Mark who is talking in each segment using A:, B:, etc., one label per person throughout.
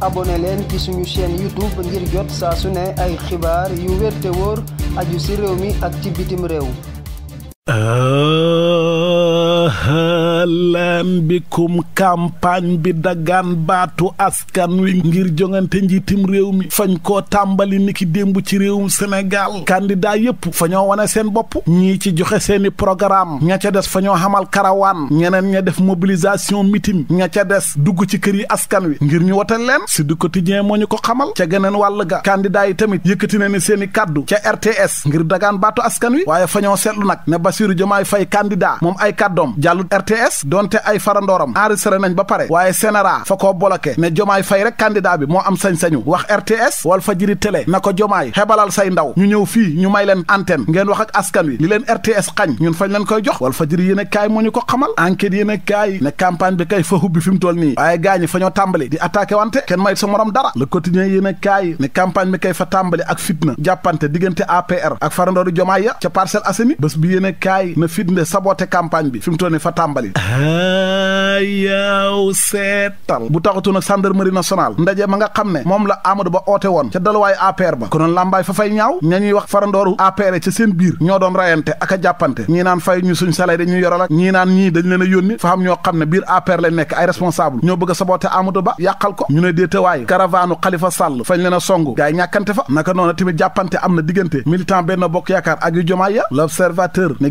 A: abone leen ci suñu chaîne YouTube ngir jot saa su ne ay xibaar yu wér te wóor ci réew mi ak ci bitim réew lan bikum campagne bi dagaan baatu askan wi ngir jongante njiitim réew mi fañ koo tàmbali niki démb ci réewum Sénégal candidat yépp fa ñoo wane seen bopp ñii ci joxe seeni programme ña ca des fa ñoo xamal karawaan ñeneen ña def mobilisation mitim ña ca des dugg ci kër yi askan wi ngir ñu wotal leen si du quotidien moo ñu ko xamal ca geneen wàll ga candidat yi tamit yëkkati na ne seeni kàddu ca RTS ngir dagaan baatu askan wi waaye fa ñoo seetlu Bassirou Diomaye Faye candidat moom ay kàddoom jàllu RTS donte ay farandooram enregistré nañ ba pare waaye sénéra fa ko bloqué ne Diomaye fay rek candidat bi moo am sañ-sañu wax RTS wal fajiri télé na ko Diomaye xebalal say ndaw ñu ñëw fii ñu may leen antenne ngeen wax ak askan wi li leen RTS xañ ñun fañ leen koy jox wal fajiri yéen a kaay moo ñu ko xamal enquête yéen a kaay ne campagne bi kay fa hubbi fi mu toll nii waaye gaañi fa ñoo tàmbali di attaqué wante kenn may sa morom dara le quotidien campagne bi kay fa tàmbali ak fitna jàppante diggante APR ak farandooru Diomaye ya ca Parcelles Assainies bés kaay na fitnde saboté campagne bi fi mu toll nii fa tàmbali yaaw seetal bu taxatu nag gendarmerie nationale ndaje ma nga xam ne moom la Amadou Ba oote woon ca daluwaayu APR ba konoon làmbaay fa fay ñaaw ña ñuy wax farandooru APR ca seen biir ñoo doon rayante ak jàppante ñii naan fay ñu suñ salaire ñu yoral ak ñii naan ñii dañ leen a yónni fa xam ñoo xam ne biir APR lañ nekk ay responsable ñoo bëgg a saboté Amadou Ba yàqal ko ñu ne déetawaay caravane Khalifa Sall fañ leen a songu fa naka noonu tamit jàppante am na diggante militant benn bokk yaakaar ak yu jomaay ya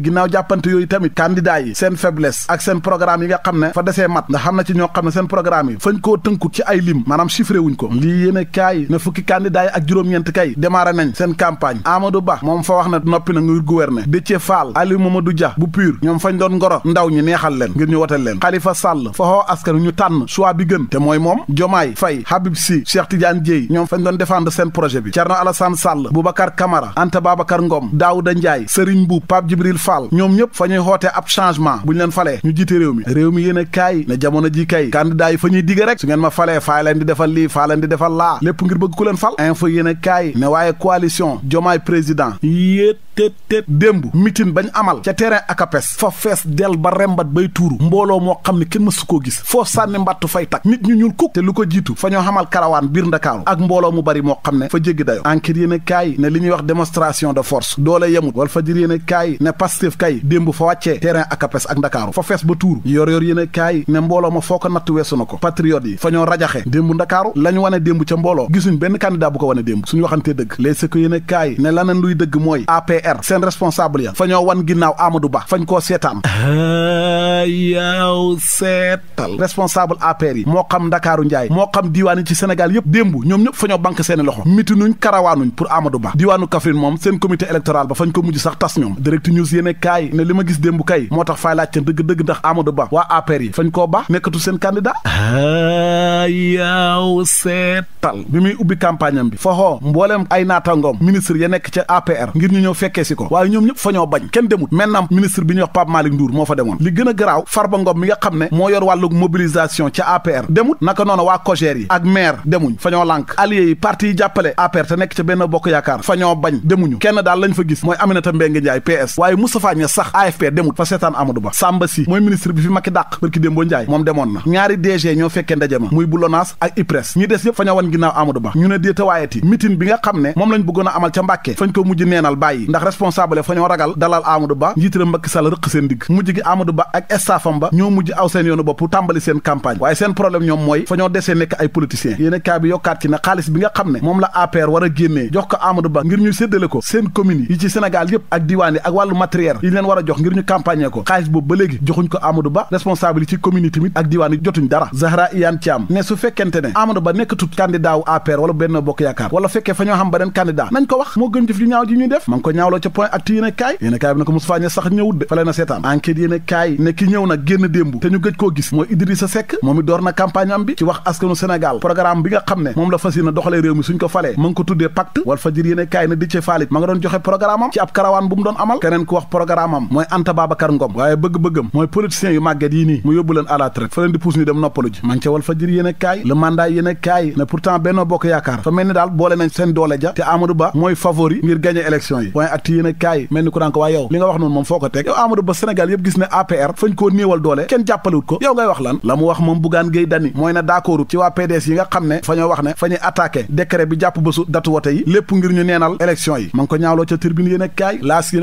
A: ginnaaw jàppante yooyu tamit candidat yi seen faiblesse ak seen programme yi nga xam ne fa desee mat nga xam ne ci ñoo xam ne seen programme yi fañ koo tënku ci ay lim maanaam chiffré wuñ ko lii yéen kaay na fukki candidat yi ak juróom-ñeent kay démarré nañ seen campagne Amadou Ba moom fa wax ne noppi na ngir gouverner Déthié Fall Aliou Mamadou Dia bu PUR ñoom fañ doon ngoro ndaw ñi neexal leen ngir ñu wotal leen Khalifa Sall fa xoo askan ñu tànn choix bi gën te mooy moom Diomaye Faye Habib Sy Cheikh Tidiane Dièye ñoom fañ doon défendre seen projet bi Thierno Alassane Sall Boubacar Camara Anta Babacar Ngom Daouda Ndiaye Fall ñoom ñëpp fa ñuy xootee ab changement bu ñu leen falee ñu jiite réew mi réew mi yéen a ne jamono ji kay candidat yi fa ñuy digg rek su ngeen ma falee faa leen di defal lii faa leen di defal laa lépp ngir bëgg ku leen fal info yéen a ne waaye coalition jomaay président yéet démb mitin bañ amal ca terrain akapes fa fees del ba rembat bay tuuru mbooloo moo xam ne kenn mësu koo gis foo sànni mbattu fay tak nit ñu ñuul kuk te lu ko jiitu fa ñoo xamal karawaan biir ndakaaru ak mbooloo mu bari moo xam ne fa jéggi dayo enquête yéen a li ñuy wax démonstration de Pastef kay démb fa wàccee terrain akapes ak ndakaaru fa fees ba tuur yor yor yéen a kaay ne mbooloo ma foo ko natt weesu na ko patriotes yi fa ñoo rajaxe démb ndakaaru la ñu wane démb ca mbooloo gisuñ benn candidat bu wane démb suñu waxantee dëgg les si ko a kaay ne laneen luy dëgg mooy APR seen responsable ya fa ñoo wan ginnaaw Amadou Ba fañ koo seetaan ah, yaaw seetal responsable APR yi moo xam ndakaaru njaay moo xam diiwaan yi ci Sénégal yëpp démb ñoom ñëpp fa seeni loxo mitinuñ karawaanuñ pour Amadou Ba diiwaanu Kaffrine moom seen comité électoral ba fañ ko mujj kaay ne li ma gis démb kay moo tax fay laajte dëgg-dëgg ndax Amadou Ba waa APR yi fañ koo ba nekkatu seen candidat a ah, yaaw seetal bi muy ubbi campagne bi fa faxoo mbooleem ay naatangoom ministre ya nekk ca APR ngir ñu ñëw fekkee si ko waaye ñoom ñëpp fa ñoo bañ kenn demut maintenant ministre bi ñuy wax Pape Malick moo fa demoon li gën a garaaw Farba Ngom mi nga xam ne moo yor wàllu mobilisation ca APR demut naka noonu waa COJER yi ak maire demuñ fa ñoo lànk alliés jàppale APR nekk ca benn bokk yaakaar fa ñoo bañ demuñu kenn daal lañ fa gis mooy Aminata Mbengue Ndiaye PS Moustapha Niass sax demut fa seetaan Amadou Ba Samba Sy mooy ministre bi fi Macky dàq bërki Dembo Ndiaye moom demoon na ñaari DG ñoo fekkee ndaje ma muy bu LONASE ak IPRES ñi des yëpp fa ñoo wan ginnaaw Amadou Ba ñu ne déetawaayet yi meeting bi nga xam ne moom lañ bëggoon amal ca Mbàkke fañ ko mujj neenal bàyyi ndax responsable fa ñoo ragal dalal Amadou Ba njiitëram Macky Sall rëq seen digg mujj gi Amadou Ba ak estafam ba ñoo mujj aw seen matériel yi leen war a jox ngir ñu campagne ko xaalis boobu ba léegi joxuñ ko Amadou Ba responsable ci commune yi ak diiwaan yi jotuñ dara Zahra Iyane Thiam ne su fekkente ne Amadou Ba nekkatut candidat wu APR benn bokk yaakaar wala fekkee fa ñoo xam beneen candidat nañ ko wax moo gën jëf ju ñaaw ji ñuy def ma ngi ko ñaawloo ca point actu yéen a kaay bi ne ko Moustapha Niasse sax ñëwut de fa leen seetaan enquête yéen ne ki ñëw nag génn programme am mooy Anta Babacar Ngom waaye bëgg-bëggam mooy politiciens yu màgget yi nii mu yóbbu leen à la leen di pousse ñu dem noppalu ji man ca wal fajir yéen a kaay le mandat yéen a kaay ne pourtant Benno Bokk Yaakaar fa mel ni daal boole nañ seen doole ja te Amadou Ba mooy favori ngir gagné élection yi waaye ak ti kaay mel ni ku daan ko waaye yow li nga wax noonu moom foo ko teg yow Amadou Ba Sénégal yëpp gis ne APR fañ koo néewal doole kenn yi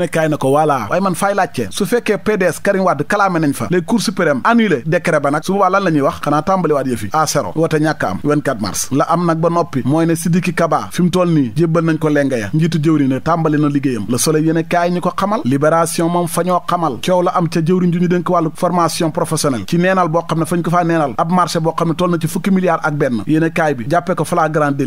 A: nga xam a débat waaye man fay laajte su fekkee PDS Karim Wade kalaame nañ fa les cours suprême annulé décret ba nag su boobaa lan la ñuy wax xanaa tàmbaliwaat yëf yi à woote ñàkk am 24 mars la am nag ba noppi mooy ne Sidiki Kaba fi mu toll nii jébbal nañ ko lenga ya njiitu jëwriñ ne tàmbali na liggéeyam Le Soleil yéen kaay ñu ko xamal libération moom fa ñoo xamal coow la am ca jëwriñ ju ñu dénk wàllu formation professionnelle ci neenal boo xam ne fañ ko faa neenal ab marché boo xam ne toll na ci fukki milliards ak benn yéen kaay bi jàppee ko flagrant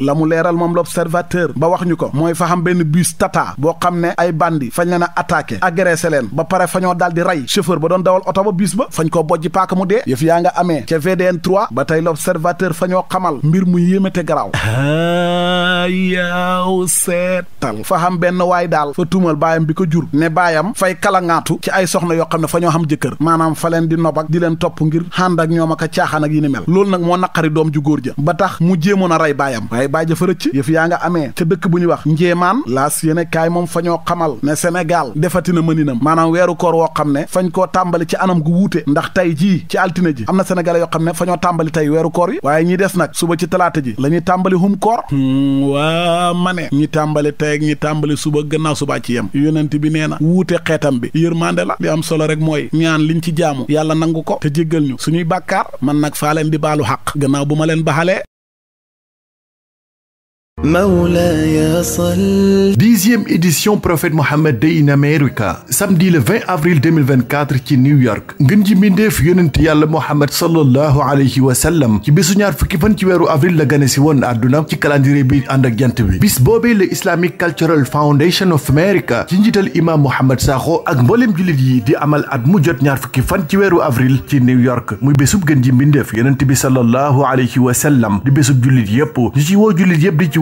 A: la mu leeral moom l'observateur ba wax ko mooy fa xam benn bus tata boo xam ne ay bandi fañ leen a attaqué agressé leen ba pare fa ñoo daal di rey chauffeur ba doon dawal oto ba bis ba fañ koo bojji paaka mu dee yëf yaa nga amee ca VDN 3 ba tey l'observateur fa xamal mbir mu yéeme te garaaw yaaw seetal fa xam benn waay daal fa tuumal baayam bi ko jur ne baayam fay kalangaatu ci ay soxna yoo xam ne fa ñoo xam jëkkër maanaam fa leen di nob di leen topp ngir xànd ak ñoom ak a caaxaan loolu nag moo naqari doom ju góor ja ba mu jéemoon a rey baayam waaye baay ja fa rëcc yaa nga amee ca dëkk bu ñuy wax njéemaan laas yéene moom fa xamal Sénégal ne Sénégal defati na mëninam maanaam weeru koor woo xam ne fañ koo tàmbali ci anam gu wuute ndax tey ji ci altine ji am na sénégalais yoo xam ne fañoo ñoo tàmbali tey weeru koor yi waaye ñi des nag suba ci talaata ji la ñuy tàmbali hum koor hmm, waa ma ne ñi tàmbali tey ak ñi tàmbali suba gannaaw subaa ci yem yonent bi nee na wuute xeetam bi yërmande la li am solo rek mooy ñaan liñ ci jaamu yàlla nangu ko te jéggal ñu suñuy bàkkaar man nag faa leen di baalu
B: Mawlaya sall. dixième édition prophète Mohammed Day in America samedi le 20 avril 2024 ci New York ngën ji mbindeef yonent yàlla Mohammed sallallahu alayhi wa sallam ci bésu ñaar fukki fan ci weeru avril la gane si woon àdduna ci calendrier bi ànd ak jant bi bis boobee le Islamic Cultural Foundation of America ci njiital imaam saako Sakho ak mbooleem jullit yi di amal at mu jot ñaar fukki fan ci weeru avril ci New York muy bésub gën ji mbindeef bi sallallahu alayhi wa sallam di bésub ci woo jullit yépp di ci